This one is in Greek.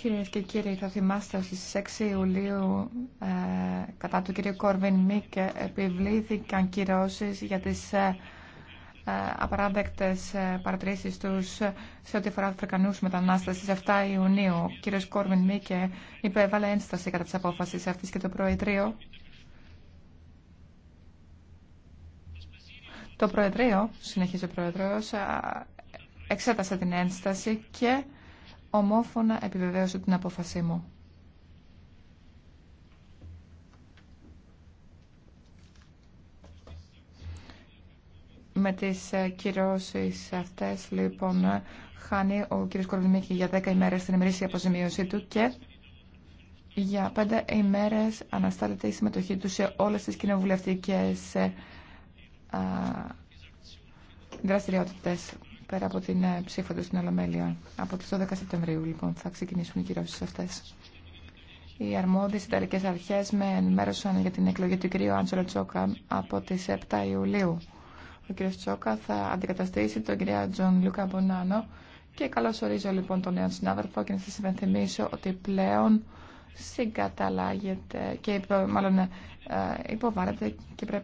Κυρίε και κύριοι, θα θυμάστε ότι στι 6 Ιουλίου ε, κατά του κυρίου Κόρβιν Μίκ ε, επιβλήθηκαν κυρώσει για τι ε, ε απαράδεκτε παρατηρήσει του σε ό,τι αφορά Αφρικανού μετανάστε. Στι 7 Ιουνίου, ο κύριο Κόρβιν Μίκ υπέβαλε ένσταση κατά τη απόφαση αυτή και το Προεδρείο. Το Προεδρείο, συνεχίζει ο Προεδρό, εξέτασε την ένσταση και ομόφωνα επιβεβαίωσε την απόφασή μου. Με τις ε, κυρώσεις αυτές, λοιπόν, χάνει ο κ. Κορδημίκη για 10 ημέρες την ημερήσια αποζημίωση του και για 5 ημέρες αναστάλλεται η συμμετοχή του σε όλες τις κοινοβουλευτικές ε, δραστηριότητες πέρα από την ε, ψήφο του στην Ολομέλεια. Από τις 12 Σεπτεμβρίου, λοιπόν, θα ξεκινήσουν οι κυρώσει αυτές. Οι αρμόδιες Ιταλικές Αρχές με ενημέρωσαν για την εκλογή του κυρίου Άντζελο Τσόκα από τις 7 Ιουλίου. Ο κύριος Τσόκα θα αντικαταστήσει τον κυρία Τζον Λούκα Μπονάνο και καλώς ορίζω λοιπόν τον νέο συνάδελφο και να σα υπενθυμίσω ότι πλέον συγκαταλάγεται και μάλλον ε, ε, υποβάλλεται και πρέπει